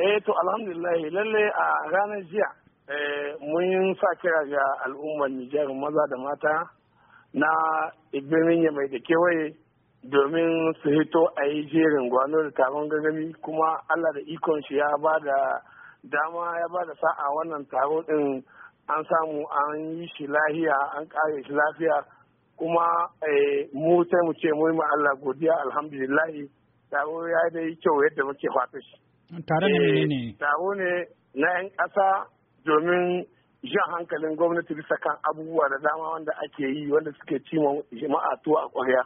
eh to alhamdulillah lalle a ranar jiya eh, mun yi sa kira ga al'ummar nijar maza da mata na birnin mai da kewaye domin su hito a yi jerin gwano da taron gangami kuma allah da ikon shi ya ba da dama ya ba da sa'a wannan taro din an samu an yi shi lahiya an kare shi lafiya kuma eh, mu sai mu ce mu yi ma allah godiya alhamdulillah taro ya dai kyau yadda muke fata shi tare eh, ne ne. Taro ne na 'yan ƙasa domin jan hankalin gwamnati bisa kan abubuwa da dama wanda ake yi wanda suke cima jama'a tuwa a ƙwarya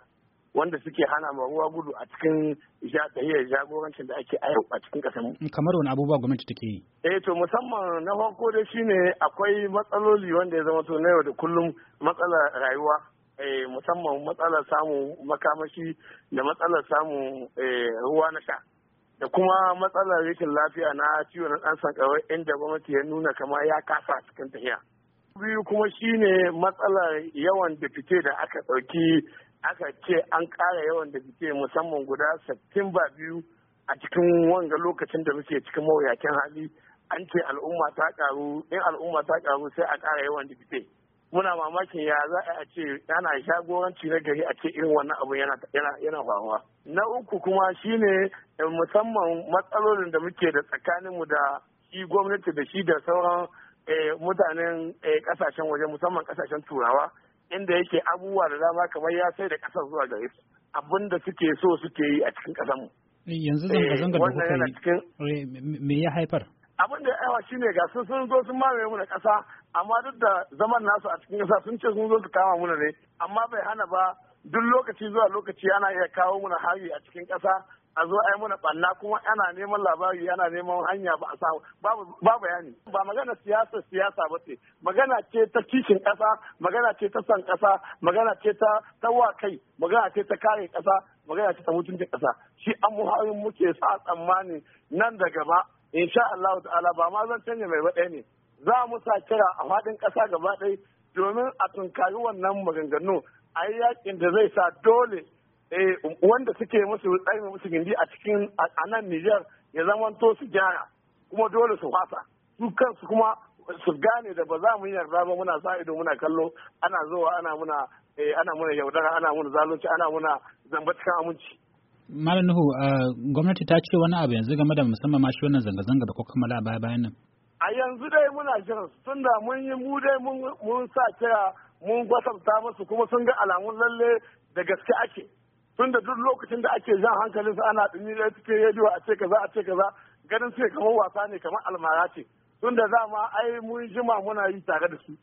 wanda suke hana ma ruwa gudu a cikin jahiyar jagorancin da ake ayyau a cikin ƙasar kamar wani abubuwa gwamnati take yi eh to musamman na farko dai shine akwai matsaloli wanda ya zama to na yau da kullum matsalar rayuwa eh, musamman matsalar samun makamashi da matsalar samun eh, ruwa na sha da kuma matsalar rashin lafiya na ciwon ɗan sankarar inda gwamnati ya nuna kama ya kasa cikin tafiya. biyu kuma shine matsalar yawan da fice da aka ɗauki aka ce an ƙara yawan da fice musamman guda sattin biyu a cikin wanga lokacin da muke cikin mawuyacin hali an ce al'umma ta ƙaru in al'umma ta ƙaru sai a ƙara yawan da fice. muna mamakin ya za a ce yana shagoranci na gari a ce irin wannan abu yana faruwa na uku kuma shine eh, musamman matsalolin da muke da tsakaninmu da shi gwamnati da shi da sauran eh, mutanen kasashen eh, waje musamman kasashen turawa inda yake abubuwa da dama kamar ya sai da kasar zuwa gare su abin da suke so suke yi a cikin kasanmu yanzu zanga-zangar da kuka yi me ya haifar abin da ya yawa shine ga sun zo sun mamaye mu da ƙasa amma duk da zaman nasu a cikin ƙasa sun ce sun zo su kama mu ne amma bai hana ba duk lokaci zuwa lokaci ana iya kawo mu hari a cikin kasa a zo ai mana banna kuma ana neman labari ana neman hanya ba a samu ba bayani ba magana siyasa siyasa ba ce magana ce ta kishin ƙasa magana ce ta san ƙasa magana ce ta tawa kai magana ce ta kare kasa, magana ce ta mutuncin kasa. shi an muke sa tsammani nan da gaba sha Allah ta'ala ba ma zan canja mai baɗaya ne za mu sa kira a faɗin ƙasa gaba ɗaya domin a tunkari wannan maganganu a yi yakin da zai sa dole eh, wanda suke musu tsayin musu gindi a cikin a nan Nijar ya zamanto su gyara kuma dole su fasa su kansu kuma su gane da ba za mu yarda ba muna sa ido muna kallo ana zuwa ana muna eh, yaudara ana muna zalunci ana muna zamba aminci Malam Nuhu, gwamnati ta ce wani abu yanzu game da musamman ma wannan zanga-zanga da kuka kammala baya bayan nan. A yanzu dai muna jiran su tunda mun yi mu dai mun sa kira mun gwasabta musu kuma sun ga alamun lalle da gaske ake. Tunda duk lokacin da ake jan hankalinsu ana ɗumi da cikin rediyo a ce kaza a ce kaza ganin sai kamar wasa ne kamar almara ce. Tunda ma ai mun jima muna yi tare da su.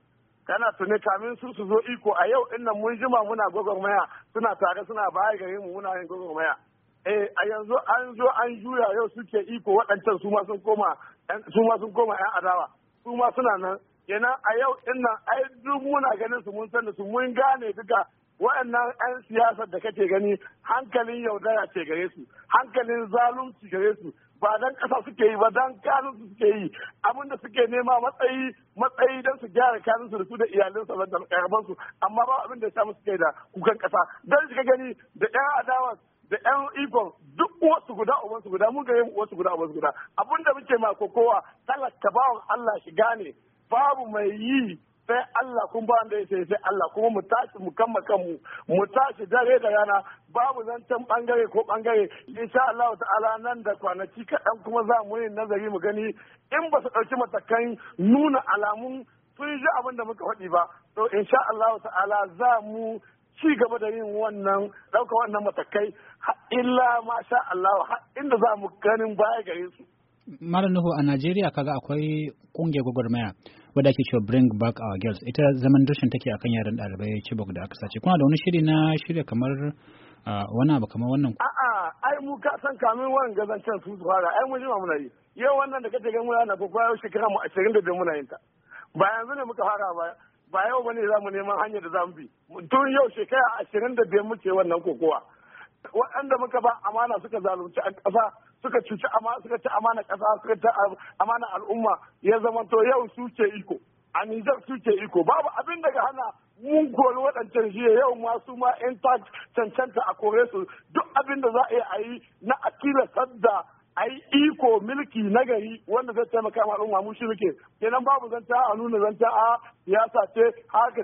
kana tuni kamin su su zo iko a yau in nan mun jima muna gwagwarmaya suna tare suna baya gare mu muna yin gwagwarmaya. eh a yanzu an zo an juya yau suke iko waɗancan su ma koma su ma koma yan adawa su ma suna nan yana a yau din nan ai duk muna ganin su mun san su mun gane duka waɗannan 'yan siyasar da kake gani hankalin yaudara ce gare su hankalin zalunci gare su ba dan ƙasa suke yi ba dan kanun su suke yi abin da suke nema matsayi matsayi dan su gyara kanun su da su da iyalin su da karban su amma ba abin da ya samu suke da kukan ƙasa dan shi gani da 'yan adawa da yan ikon duk wasu guda ubansu guda mun ga wasu guda ubansu guda abinda muke ma kowa talaka bawan Allah shi gane babu mai yi sai Allah kun ba da yake sai Allah kuma mu tashi mu kama kanmu mu tashi dare da rana babu zancen bangare ko bangare insha Allah ta'ala nan da kwanaki kaɗan kuma za mu yi nazari mu gani in ba su ɗauki matakan nuna alamun sun ji abin da muka faɗi ba to insha Allah ta'ala za mu ci gaba da yin wannan ɗauka wannan matakai illa masha Allah har inda za mu ganin baya gare su. Malam Nuhu a Najeriya kaga akwai kunge gwagwarmaya wadda ake cewa Bring Back Our Girls ita zaman dushin take akan yaran ɗalibai Chibok da aka sace. Kuna da wani shiri na shirya kamar wani abu kamar wannan? A'a, ai mu ka san kamin wannan gazancen su fara, ai mu jima muna yi. Yau wannan da kace ga muna na ko shekara mu 20 da muna yin ta. Ba yanzu ne muka fara ba, ba yau bane za mu neman hanyar da za mu bi tun yau shekara ashirin da biyar muke wannan kokowa waɗanda muka ba amana suka zalunci a ƙasa suka cuci amana suka ci amana ƙasa suka ci amana al'umma ya zama to yau su ke iko a Nijar su ke iko babu abin daga hana mun waɗancan jiya yau ma su ma 'yan cancanta a kore su duk abin da za a yi na a tilastar da ai iko milki nagari wanda zai taimaka ma al'umma mun shi muke kenan babu zanta a nuna zanta a siyasa ce haka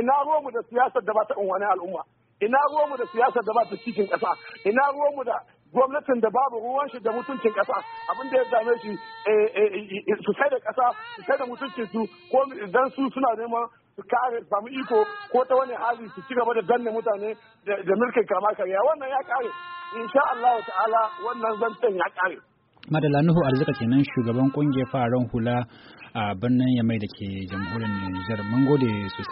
ina ruwanmu da siyasar da ba ta unwani al'umma ina ruwanmu da siyasar da ba ta cikin kasa ina ruwanmu da gwamnatin da babu ruwan shi da mutuncin kasa abin da ya dame shi eh, eh, eh, su sai da kasa su sai da mutuncin su ko idan su suna neman su kare samu iko ko ta wani hali su ci gaba da danne mutane da mulkin kama karya wannan ya kare insha Allah ta'ala wannan zancen ya kare madala nuhu arzika kenan shugaban kungiyar fararen hula a birnin yamai da ke jamhuriyar nijar mun gode sosai